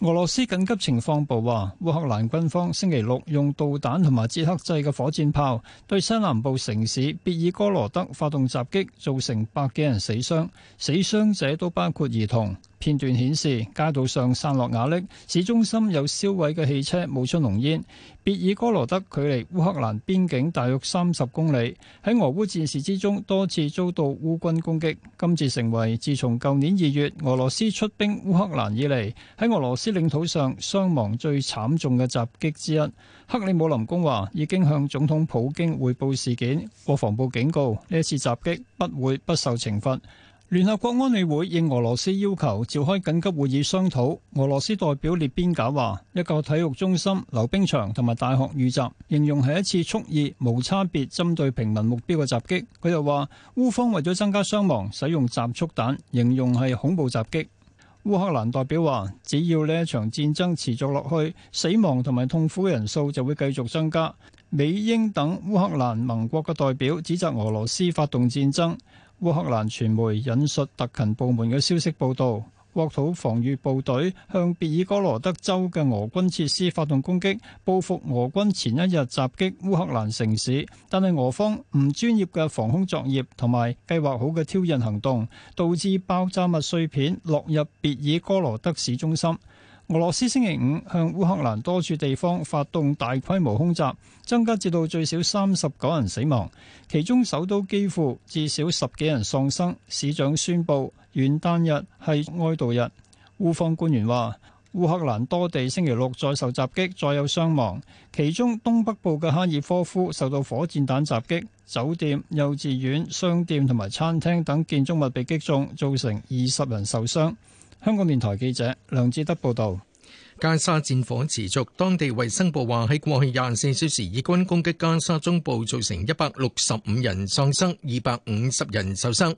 俄羅斯緊急情況部話，烏克蘭軍方星期六用導彈同埋捷克制嘅火箭炮對西南部城市別爾哥羅德發動襲擊，造成百幾人死傷，死傷者都包括兒童。片段顯示街道上散落瓦礫，市中心有燒毀嘅汽車冒出濃煙。別爾哥羅德距離烏克蘭邊境大約三十公里，喺俄烏戰事之中多次遭到烏軍攻擊，今次成為自從舊年二月俄羅斯出兵烏克蘭以嚟，喺俄羅斯領土上傷亡最慘重嘅襲擊之一。克里姆林宮話已經向總統普京匯報事件，國防部警告呢次襲擊不會不受懲罰。聯合國安理會應俄羅斯要求召開緊急會議商討俄羅斯代表涅邊賈話一個體育中心、溜冰場同埋大學遇襲形容係一次蓄意無差別針對平民目標嘅襲擊，佢又話烏方為咗增加傷亡，使用集束彈形容係恐怖襲擊，烏克蘭代表話只要呢一場戰爭持續落去，死亡同埋痛苦人數就會繼續增加。美英等烏克蘭盟國嘅代表指責俄羅斯發動戰爭。烏克蘭傳媒引述特勤部門嘅消息報道，國土防禦部隊向別爾哥羅德州嘅俄軍設施發動攻擊，報復俄軍前一日襲擊烏克蘭城市。但係俄方唔專業嘅防空作業同埋計劃好嘅挑釁行動，導致爆炸物碎片落入別爾哥羅德市中心。俄羅斯星期五向烏克蘭多處地方發動大規模空襲，增加至到最少三十九人死亡，其中首都基輔至少十幾人喪生。市長宣布元旦日係哀悼日。烏方官員話，烏克蘭多地星期六再受襲擊，再有傷亡，其中東北部嘅哈爾科夫受到火箭彈襲擊，酒店、幼稚園、商店同埋餐廳等建築物被擊中，造成二十人受傷。香港電台記者梁志德報道：加沙戰火持續，當地衛生部話喺過去廿四小時，以軍攻擊加沙中部，造成一百六十五人喪生，二百五十人受傷。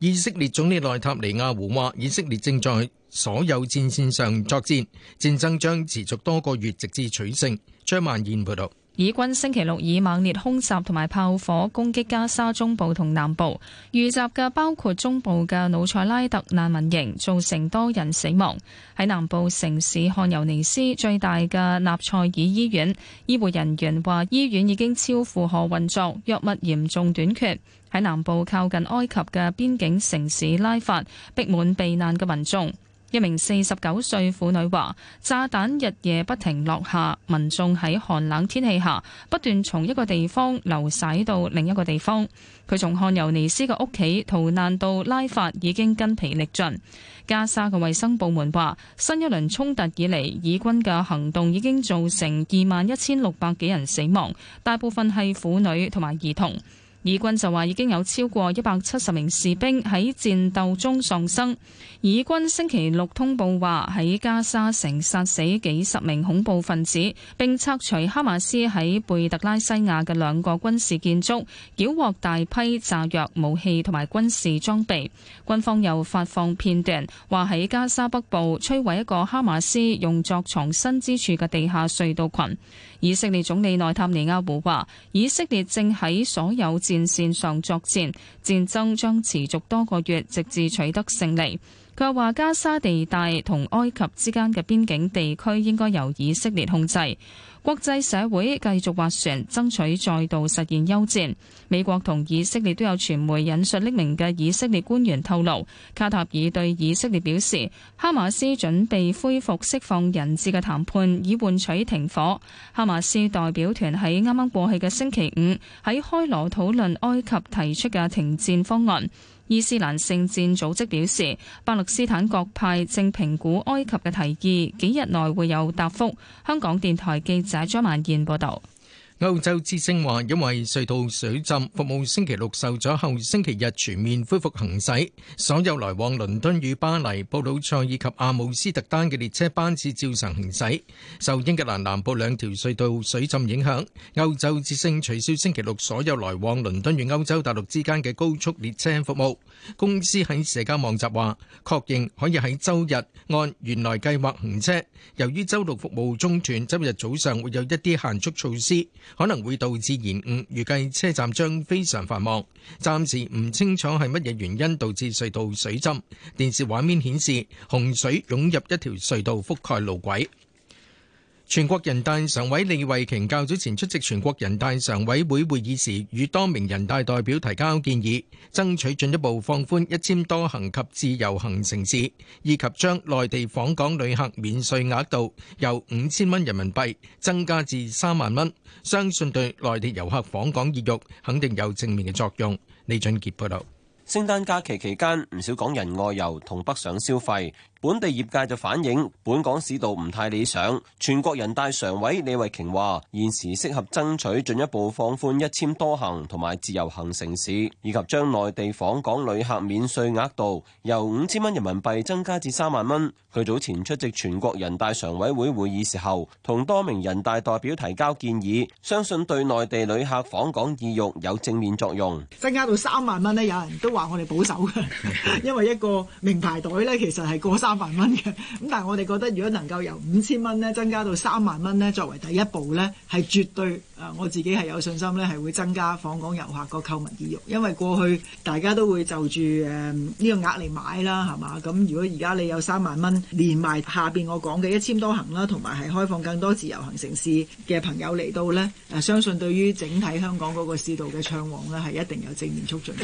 以色列總理內塔尼亞胡話：以色列正在所有戰綫上作戰，戰爭將持續多個月，直至取勝。張曼燕報道。以軍星期六以猛烈空襲同埋炮火攻擊加沙中部同南部，遇襲嘅包括中部嘅努塞拉特難民營，造成多人死亡。喺南部城市汗尤尼斯最大嘅納賽爾醫院，醫護人員話醫院已經超負荷運作，藥物嚴重短缺。喺南部靠近埃及嘅邊境城市拉法，逼滿避難嘅民眾。一名四十九歲婦女話：炸彈日夜不停落下，民眾喺寒冷天氣下不斷從一個地方流徙到另一個地方。佢從汗尤尼斯嘅屋企逃難到拉法已經筋疲力盡。加沙嘅衛生部門話：新一輪衝突以嚟，以軍嘅行動已經造成二萬一千六百幾人死亡，大部分係婦女同埋兒童。以軍就話已經有超過一百七十名士兵喺戰鬥中喪生。以軍星期六通報話喺加沙城殺死幾十名恐怖分子，並拆除哈馬斯喺貝特拉西亞嘅兩個軍事建築，繳獲大批炸藥、武器同埋軍事裝備。軍方又發放片段，話喺加沙北部摧毀一個哈馬斯用作藏身之處嘅地下隧道群。以色列總理內塔尼亞胡話：以色列正喺所有戰線上作戰，戰爭將持續多個月，直至取得勝利。佢話加沙地帶同埃及之間嘅邊境地區應該由以色列控制。國際社會繼續斡旋，爭取再度實現休戰。美國同以色列都有傳媒引述匿名嘅以色列官員透露，卡塔爾對以色列表示，哈馬斯準備恢復釋放人質嘅談判，以換取停火。哈馬斯代表團喺啱啱過去嘅星期五喺開羅討論埃及提出嘅停戰方案。伊斯蘭聖戰組織表示，巴勒斯坦各派正評估埃及嘅提議，幾日內會有答覆。香港電台記者張曼燕報導。歐洲之星話，因為隧道水浸，服務星期六受阻，後星期日全面恢復行駛。所有來往倫敦與巴黎、布魯塞爾及阿姆斯特丹嘅列車班次照常行駛。受英格蘭南部兩條隧道水浸影響，歐洲之星取消星期六所有來往倫敦與歐洲大陸之間嘅高速列車服務。公司喺社交網站話，確認可以喺周日按原來計劃行車。由於周六服務中斷，周日早上會有一啲限速措施。可能會導致延誤，預計車站將非常繁忙。暫時唔清楚係乜嘢原因導致隧道水浸。電視畫面顯示洪水湧入一條隧道覆蓋路軌。全國人大常委李慧瓊較早前出席全國人大常委會會議時，與多名人大代表提交建議，爭取進一步放寬一千多行及自由行城市，以及將內地訪港旅客免稅額度由五千蚊人民幣增加至三萬蚊。相信對內地遊客訪港意欲肯定有正面嘅作用。李俊杰報道：聖誕假期期間，唔少港人外遊同北上消費。本地業界就反映，本港市道唔太理想。全國人大常委李慧瓊話現時適合爭取進一步放寬一簽多行同埋自由行城市，以及將內地訪港旅客免稅額度由五千蚊人民幣增加至三萬蚊。佢早前出席全國人大常委會會議時候，同多名人大代表提交建議，相信對內地旅客訪港意欲有正面作用。增加到三萬蚊咧，有人都話我哋保守，因為一個名牌袋咧，其實係過三。三萬蚊嘅，咁但係我哋覺得如果能夠由五千蚊咧增加到三萬蚊咧，作為第一步咧，係絕對誒，我自己係有信心咧，係會增加訪港遊客個購物意欲，因為過去大家都會就住誒呢個額嚟買啦，係嘛，咁如果而家你有三萬蚊，連埋下邊我講嘅一簽多行啦，同埋係開放更多自由行城市嘅朋友嚟到呢，誒，相信對於整體香港嗰個市道嘅暢旺呢係一定有正面促進。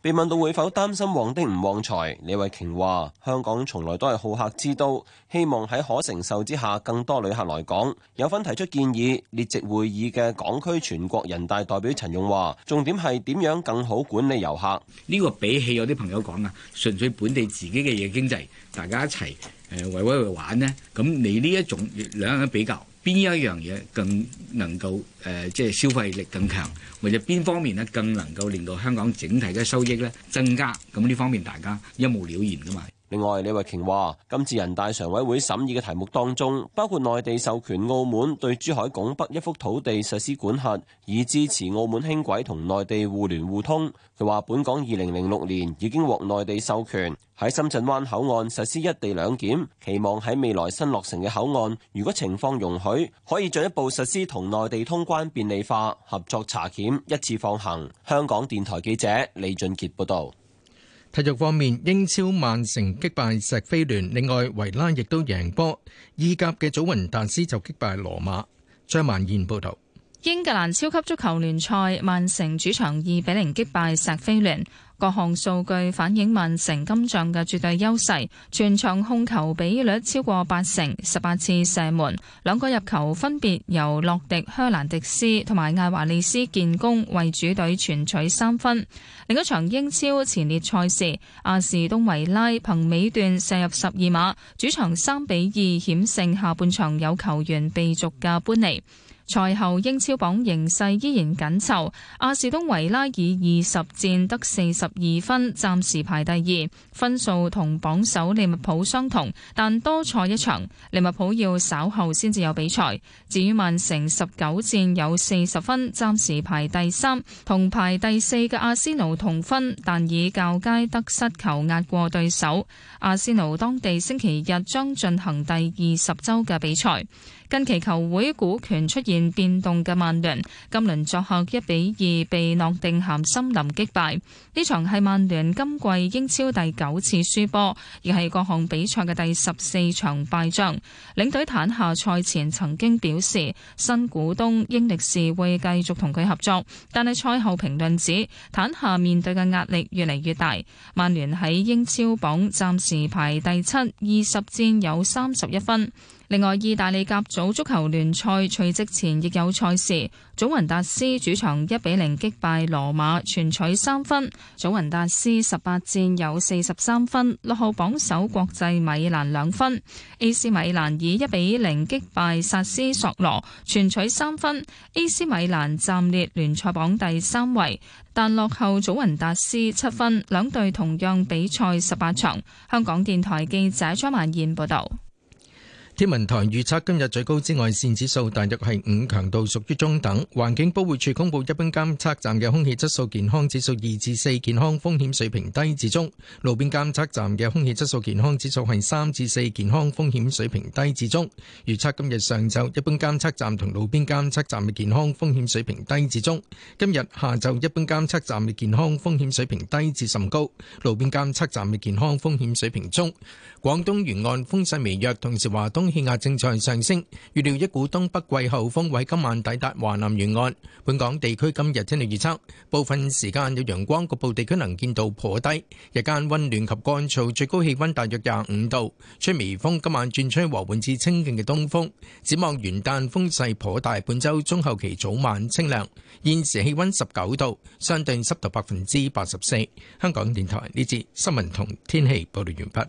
被問到會否擔心旺丁唔旺財，李慧瓊話：香港從來都係好客之都，希望喺可承受之下，更多旅客來港。有份提出建議，列席會議嘅港區全國人大代表陳勇話：重點係點樣更好管理遊客？呢個比起有啲朋友講啊，純粹本地自己嘅嘢經濟，大家一齊誒圍圍去玩呢，咁你呢一種兩樣比較。邊一樣嘢更能夠誒、呃，即係消費力更強，或者邊方面咧更能夠令到香港整體嘅收益咧增加？咁呢方面大家一目了然㗎嘛？另外，李慧瓊話：今次人大常委會審議嘅題目當中，包括內地授權澳門對珠海拱北一幅土地實施管轄，以支持澳門輕軌同內地互聯互通。佢話：本港二零零六年已經獲內地授權喺深圳灣口岸實施一地兩檢，期望喺未來新落成嘅口岸，如果情況容許，可以進一步實施同內地通關便利化、合作查檢一次放行。香港電台記者李俊傑報道。體育方面，英超曼城擊敗石飛聯，另外維拉亦都贏波。意甲嘅祖雲達斯就擊敗羅馬。張萬賢報道。英格蘭超級足球聯賽，曼城主場二比零擊敗石飛聯，各項數據反映曼城今仗嘅絕對優勢。全場控球比率超過八成，十八次射門，兩個入球分別由洛迪、香蘭迪斯同埋艾華利斯建功，為主隊全取三分。另一場英超前列賽事，阿士東維拉憑尾段射入十二碼，主場三比二險勝，下半場有球員被逐嘅搬離。賽後英超榜形勢，依然緊湊，阿士東維拉以二十戰得四十二分，暫時排第二，分數同榜首利物浦相同，但多賽一場，利物浦要稍後先至有比賽。至於曼城十九戰有四十分，暫時排第三，同排第四嘅阿仙奴同分，但以較佳得失球壓過對手。阿仙奴當地星期日將進行第二十周嘅比賽。近期球會股權出現。變動嘅曼聯今輪作客一比二被諾定咸森林擊敗，呢場係曼聯今季英超第九次輸波，而係各項比賽嘅第十四場敗仗。領隊坦夏賽前曾經表示，新股東英力士會繼續同佢合作，但係賽後評論指坦夏面對嘅壓力越嚟越大。曼聯喺英超榜暫時排第七，二十戰有三十一分。另外，意大利甲組足球聯賽除夕前亦有賽事，祖雲達斯主場一比零擊敗羅馬全取三分。祖雲達斯十八戰有四十三分，落後榜首國際米蘭兩分。AC 米蘭以一比零擊敗薩斯索羅全取三分。AC 米蘭暫列聯賽榜第三位，但落後祖雲達斯七分。兩隊同樣比賽十八場，香港電台記者張曼燕報道。天文台預測今日最高紫外線指數大約係五，強度屬於中等。環境保護署公布一般監測站嘅空氣質素健康指數二至四，4, 健康風險水平低至中；路邊監測站嘅空氣質素健康指數係三至四，4, 健康風險水平低至中。預測今日上晝一般監測站同路邊監測站嘅健康風險水平低至中；今日下晝一般監測站嘅健康風險水平低至甚高，路邊監測站嘅健康風險水平中。廣東沿岸風勢微弱，同時華東，氣壓正在上升，預料一股東北季候風喺今晚抵達華南沿岸。本港地區今日天氣預測，部分時間有陽光，局部地區能見度頗低。日間溫暖及乾燥，最高氣溫大約廿五度，吹微風。今晚轉吹和緩至清勁嘅東風。展望元旦風勢頗大，本周中後期早晚清涼。現時氣溫十九度，相對濕度百分之八十四。香港電台呢節新聞同天氣報道完畢。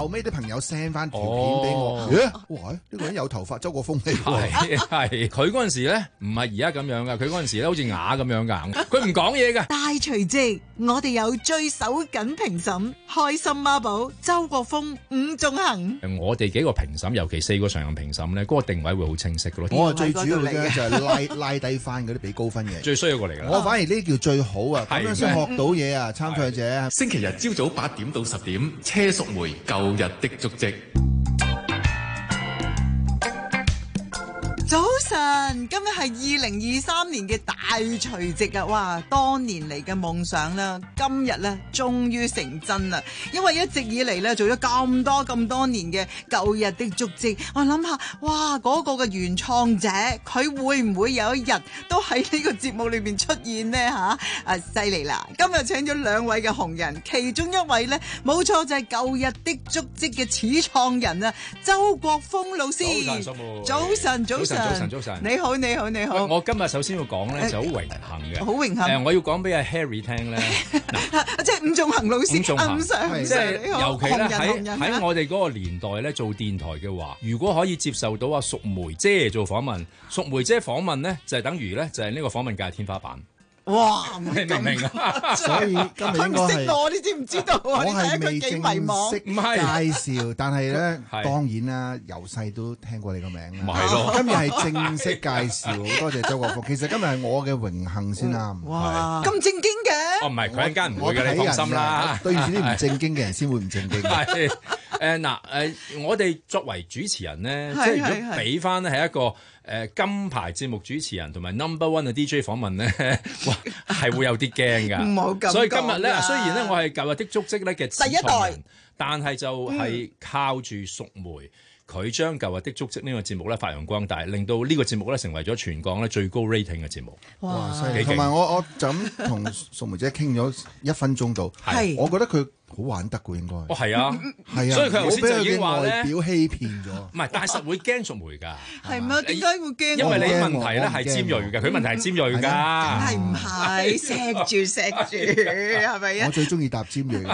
後尾啲朋友 send 翻條片俾我，咦、哦欸？哇！呢、這個人有頭髮，周國峰嚟嘅。係， 佢嗰陣時咧，唔係而家咁樣噶。佢嗰陣時咧，好似啞咁樣噶。佢唔講嘢噶。大除夕，我哋有最守緊評審，開心孖寶，周國峰，伍仲恒。我哋幾個評審，尤其四個常任評審咧，嗰、那個定位會好清晰嘅咯。我啊、哦，最主要嘅就係拉拉低翻嗰啲俾高分嘅。最衰個嚟啦。我反而呢叫最好啊，咁樣先學到嘢啊，參賽的者。星期日朝早八點到十點，車淑梅舊日的足跡。今日係二零二三年嘅大除夕啊！哇，多年嚟嘅夢想啦，今日咧終於成真啦！因為一直以嚟咧做咗咁多咁多年嘅《舊日的足跡》，我諗下，哇，嗰個嘅原創者佢會唔會有一日都喺呢個節目裏邊出現咧？吓，啊，犀利啦！今日請咗兩位嘅紅人，其中一位咧，冇錯就係《舊日的足迹》嘅始創人啊，周國峰老師。早晨，早晨，早晨，早晨，你好。好你好你好，你好，我今日首先要講咧就好榮幸嘅，好榮幸、呃。我要講俾阿 Harry 聽咧， 呢 即係伍仲衡老師啊，伍仲衡，嗯、Sir，即係尤其咧喺喺我哋嗰個年代咧做電台嘅話，如果可以接受到阿淑梅姐做訪問，淑梅姐訪問咧就係等於咧就係、是、呢個訪問界天花板。哇！明唔明啊？所以今日應該係我係未正式介紹，但係咧當然啦，由細都聽過你個名。唔係咯？今日係正式介紹，多謝周國福。其實今日係我嘅榮幸先啦。哇！咁正經嘅。哦，唔係佢間唔㗋，你放心啦。對住啲唔正經嘅人先會唔正經。誒嗱誒，我哋作為主持人咧，即係如果俾翻咧係一個誒、呃、金牌節目主持人同埋 number one 嘅 DJ 訪問咧，係會有啲驚㗎。 所以今日咧，雖然咧我係舊日的足跡咧嘅第一代，但係就係靠住淑梅。 佢將舊日的足跡呢個節目咧發揚光大，令到呢個節目咧成為咗全港咧最高 rating 嘅節目。哇！同埋我我就咁同淑梅姐傾咗一分鐘度，我覺得佢好玩得嘅應該。哦，係啊，係啊，所以佢頭先已經話咧，表欺騙咗。唔係，但係實會驚淑梅噶。係咪啊？點解會驚？因為你問題咧係尖鋭嘅，佢問題係尖鋭㗎。係唔係？錫住錫住，係咪啊？我最中意搭尖鋭。